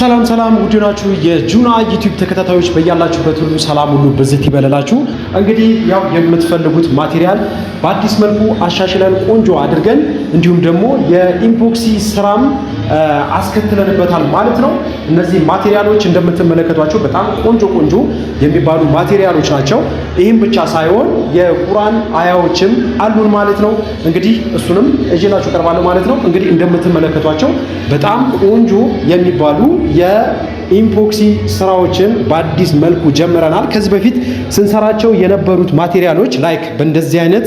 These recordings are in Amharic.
ሰላም ሰላም ውድ ናችሁ የጁና ዩቲዩብ ተከታታዮች በያላችሁበት ሁሉ ሰላም ሁሉ ብዝት ይበለላችሁ። እንግዲህ ያው የምትፈልጉት ማቴሪያል በአዲስ መልኩ አሻሽለን ቆንጆ አድርገን እንዲሁም ደግሞ የኢምፖክሲ ስራም አስከትለንበታል ማለት ነው። እነዚህ ማቴሪያሎች እንደምትመለከቷቸው በጣም ቆንጆ ቆንጆ የሚባሉ ማቴሪያሎች ናቸው። ይህም ብቻ ሳይሆን የቁራን አያዎችም አሉን ማለት ነው። እንግዲህ እሱንም እጅላችሁ ቀርባለሁ ማለት ነው። እንግዲህ እንደምትመለከቷቸው በጣም ቆንጆ የሚባሉ የ ኢምፖክሲ ስራዎችን በአዲስ መልኩ ጀምረናል። ከዚህ በፊት ስንሰራቸው የነበሩት ማቴሪያሎች ላይክ በእንደዚህ አይነት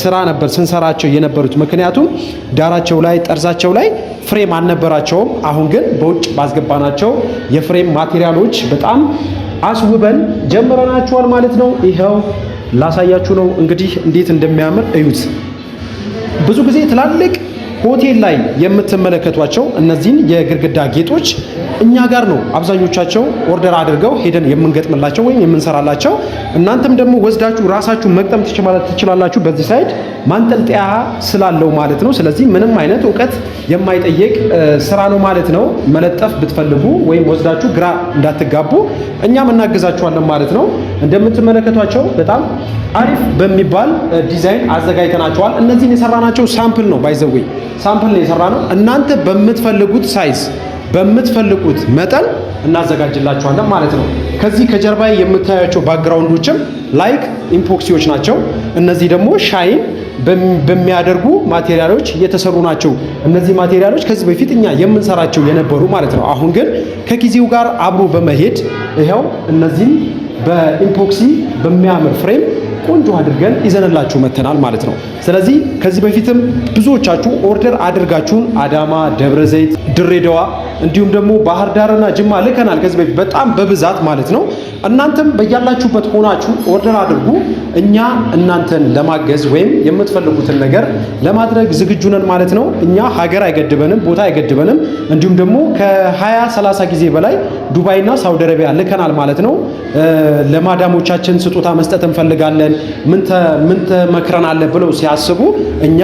ስራ ነበር ስንሰራቸው የነበሩት። ምክንያቱም ዳራቸው ላይ ጠርዛቸው ላይ ፍሬም አልነበራቸውም። አሁን ግን በውጭ ባስገባናቸው የፍሬም ማቴሪያሎች በጣም አስውበን ጀምረናቸዋል ማለት ነው። ይኸው ላሳያችሁ ነው እንግዲህ እንዴት እንደሚያምር እዩት። ብዙ ጊዜ ትላልቅ ሆቴል ላይ የምትመለከቷቸው እነዚህን የግርግዳ ጌጦች እኛ ጋር ነው አብዛኞቻቸው ኦርደር አድርገው ሄደን የምንገጥምላቸው ወይም የምንሰራላቸው። እናንተም ደግሞ ወስዳችሁ ራሳችሁ መቅጠም ትችላላችሁ። በዚህ ሳይድ ማንጠልጠያ ስላለው ማለት ነው። ስለዚህ ምንም አይነት እውቀት የማይጠየቅ ስራ ነው ማለት ነው። መለጠፍ ብትፈልጉ ወይም ወስዳችሁ ግራ እንዳትጋቡ እኛም እናግዛችኋለን ማለት ነው። እንደምትመለከቷቸው በጣም አሪፍ በሚባል ዲዛይን አዘጋጅተናቸዋል። እነዚህን የሰራናቸው ሳምፕል ነው ባይዘዌ ሳምፕል ነው ነው። እናንተ በምትፈልጉት ሳይዝ በምትፈልጉት መጠን እናዘጋጅላችኋለን ማለት ነው። ከዚህ ከጀርባ የምታያቸው ባክግራውንዶችም ላይክ ኢምፖክሲዎች ናቸው። እነዚህ ደግሞ ሻይን በሚያደርጉ ማቴሪያሎች የተሰሩ ናቸው። እነዚህ ማቴሪያሎች ከዚህ በፊት እኛ የምንሰራቸው የነበሩ ማለት ነው። አሁን ግን ከጊዜው ጋር አብሮ በመሄድ ይኸው እነዚህም በኢምፖክሲ በሚያምር ፍሬም ቆንጆ አድርገን ይዘንላችሁ መተናል ማለት ነው። ስለዚህ ከዚህ በፊትም ብዙዎቻችሁ ኦርደር አድርጋችሁን አዳማ፣ ደብረ ዘይት፣ ድሬዳዋ እንዲሁም ደግሞ ባህር ዳርና ጅማ ልከናል ከዚህ በፊት በጣም በብዛት ማለት ነው። እናንተም በያላችሁበት ሆናችሁ ኦርደር አድርጉ። እኛ እናንተን ለማገዝ ወይም የምትፈልጉትን ነገር ለማድረግ ዝግጁ ነን ማለት ነው። እኛ ሀገር አይገድበንም፣ ቦታ አይገድበንም። እንዲሁም ደግሞ ከ20 30 ጊዜ በላይ ዱባይና ሳውዲ አረቢያ ልከናል ማለት ነው። ለማዳሞቻችን ስጦታ መስጠት እንፈልጋለን። ምን ተመክረናለ ብለው ሲያስቡ እኛ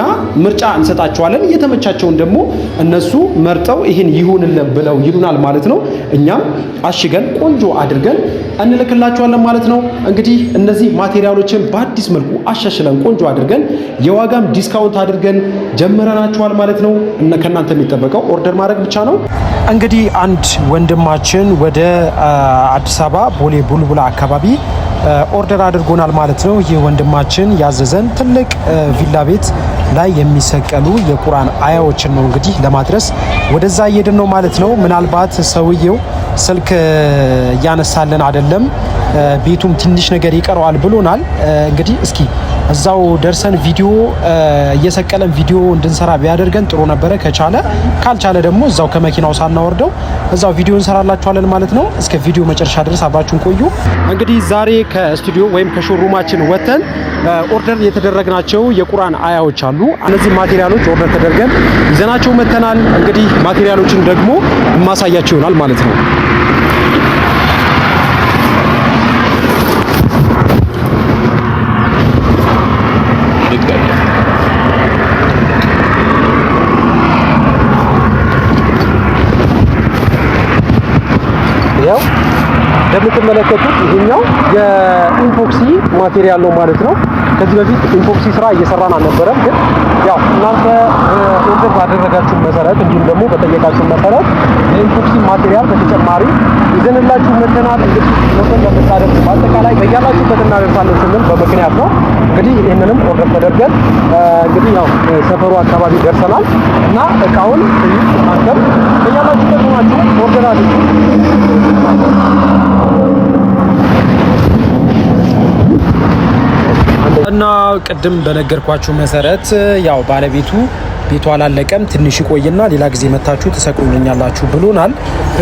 ምርጫ እንሰጣቸዋለን። የተመቻቸውን ደግሞ እነሱ መርጠው ይህን ይሁንልን የለም ብለው ይሉናል ማለት ነው። እኛም አሽገን ቆንጆ አድርገን እንልክላቸዋለን ማለት ነው። እንግዲህ እነዚህ ማቴሪያሎችን በአዲስ መልኩ አሻሽለን ቆንጆ አድርገን የዋጋም ዲስካውንት አድርገን ጀምረናቸዋል ማለት ነው። ከእናንተ የሚጠበቀው ኦርደር ማድረግ ብቻ ነው። እንግዲህ አንድ ወንድማችን ወደ አዲስ አበባ ቦሌ ቡልቡላ አካባቢ ኦርደር አድርጎናል ማለት ነው። ይህ ወንድማችን ያዘዘን ትልቅ ቪላ ቤት ላይ የሚሰቀሉ የቁርአን አያዎችን ነው እንግዲህ ለማድረስ ወደዛ እየሄድን ነው ማለት ነው። ምናልባት ሰውየው ስልክ እያነሳለን አይደለም፣ ቤቱም ትንሽ ነገር ይቀረዋል ብሎናል። እንግዲህ እስኪ እዛው ደርሰን ቪዲዮ እየሰቀለን ቪዲዮ እንድንሰራ ቢያደርገን ጥሩ ነበረ። ከቻለ ካልቻለ ደግሞ እዛው ከመኪናው ሳናወርደው እዛው ቪዲዮ እንሰራላችኋለን ማለት ነው። እስከ ቪዲዮ መጨረሻ ድረስ አብራችሁን ቆዩ። እንግዲህ ዛሬ ከስቱዲዮ ወይም ከሾሩማችን ወጥተን ኦርደር የተደረግናቸው የቁርአን አያዎች አሉ። እነዚህ ማቴሪያሎች ኦርደር ተደርገን ይዘናቸው መጥተናል። እንግዲህ ማቴሪያሎችን ደግሞ ማሳያቸው ይሆናል ማለት ነው። እንደምትመለከቱት ይሄኛው የኢምፖክሲ ማቴሪያል ነው ማለት ነው። ከዚህ በፊት ኢምፖክሲ ስራ እየሰራን አልነበረም፣ ግን ያው እናንተ መሰረት እንዲሁም ደግሞ በጠየቃችሁ መሰረት የኢፖክሲ ማቴሪያል በተጨማሪ ይዘንላችሁ መተናል። እንግዲህ ኖቶን ለምታደርጉ በአጠቃላይ በያላችሁበት እናደርሳለን ስንል በምክንያት ነው። እንግዲህ ይህንንም ኦርደር ተደርገን እንግዲህ ያው ሰፈሩ አካባቢ ደርሰናል እና እቃውን ማንተም በያላችሁ ሆናችሁ ኦርደር አድርጉ። እና ቅድም በነገርኳችሁ መሰረት ያው ባለቤቱ ቤቱ አላለቀም፣ ትንሽ ይቆይና ሌላ ጊዜ መታችሁ ትሰቅሉልኛላችሁ ብሎናል።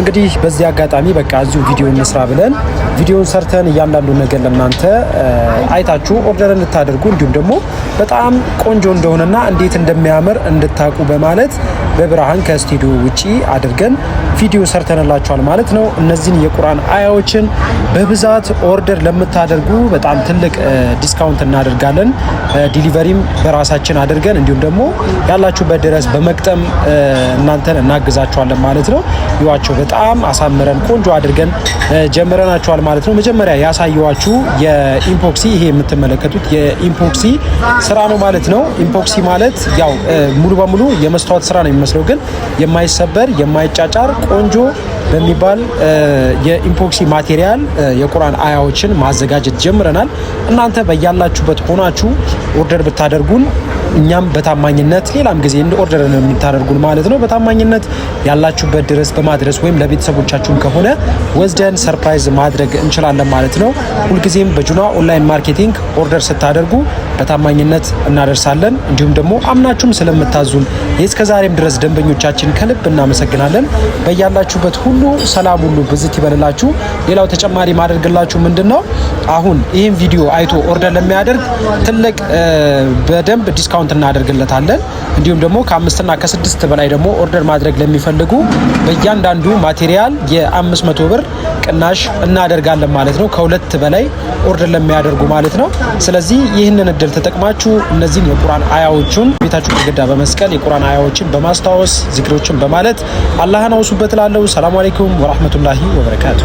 እንግዲህ በዚህ አጋጣሚ በቃ እዚሁ ቪዲዮ እንስራ ብለን ቪዲዮን ሰርተን እያንዳንዱ ነገር ለእናንተ አይታችሁ ኦርደር እንድታደርጉ እንዲሁም ደግሞ በጣም ቆንጆ እንደሆነና እንዴት እንደሚያምር እንድታቁ በማለት በብርሃን ከስቱዲዮ ውጪ አድርገን ቪዲዮ ሰርተንላችኋል ማለት ነው። እነዚህን የቁርአን አያዎችን በብዛት ኦርደር ለምታደርጉ በጣም ትልቅ ዲስካውንት እናደርጋለን። ዲሊቨሪም በራሳችን አድርገን እንዲሁም ደግሞ ያላችሁበት ድረስ በመቅጠም እናንተን እናግዛችኋለን ማለት ነው። ይዋቸው በጣም አሳምረን ቆንጆ አድርገን ጀምረናችኋል ማለት ነው። መጀመሪያ ያሳየዋችሁ የኢምፖክሲ ይሄ የምትመለከቱት የኢምፖክሲ ስራ ነው ማለት ነው። ኢምፖክሲ ማለት ያው ሙሉ በሙሉ የመስታወት ስራ ነው የሚመስለው ግን የማይሰበር የማይጫጫር ቆንጆ በሚባል የኢምፖክሲ ማቴሪያል የቁርአን አያዎችን ማዘጋጀት ጀምረናል። እናንተ በያላችሁበት ሆናችሁ ኦርደር ብታደርጉን እኛም በታማኝነት ሌላም ጊዜ እንደ ኦርደር ነው የምታደርጉን ማለት ነው። በታማኝነት ያላችሁበት ድረስ በማድረስ ወይም ለቤተሰቦቻችሁም ከሆነ ወስደን ሰርፕራይዝ ማድረግ እንችላለን ማለት ነው። ሁልጊዜም በጁና ኦንላይን ማርኬቲንግ ኦርደር ስታደርጉ በታማኝነት እናደርሳለን። እንዲሁም ደግሞ አምናችሁም ስለምታዙን እስከዛሬም ድረስ ደንበኞቻችን ከልብ እናመሰግናለን። በያላችሁበት ሁሉ ሰላም ሁሉ ብዝት ይበልላችሁ። ሌላው ተጨማሪ ማድረግላችሁ ምንድን ነው አሁን ይህን ቪዲዮ አይቶ ኦርደር ለሚያደርግ ትልቅ በደንብ ዲስካውንት እናደርግለታለን። እንዲሁም ደግሞ ከአምስትና ከስድስት በላይ ደግሞ ኦርደር ማድረግ ለሚፈልጉ በእያንዳንዱ ማቴሪያል የ500 ብር ቅናሽ እናደርጋለን ማለት ነው። ከሁለት በላይ ኦርደር ለሚያደርጉ ማለት ነው። ስለዚህ ይህንን እድል ተጠቅማችሁ እነዚህን የቁርአን አያዎቹን ቤታችሁ ግድግዳ በመስቀል የቁርአን አያዎችን በማስታወስ ዚክሮችን በማለት አላህን አውሱበት ላለው። ሰላም አሌይኩም ወራህመቱላሂ ወበረካቱ።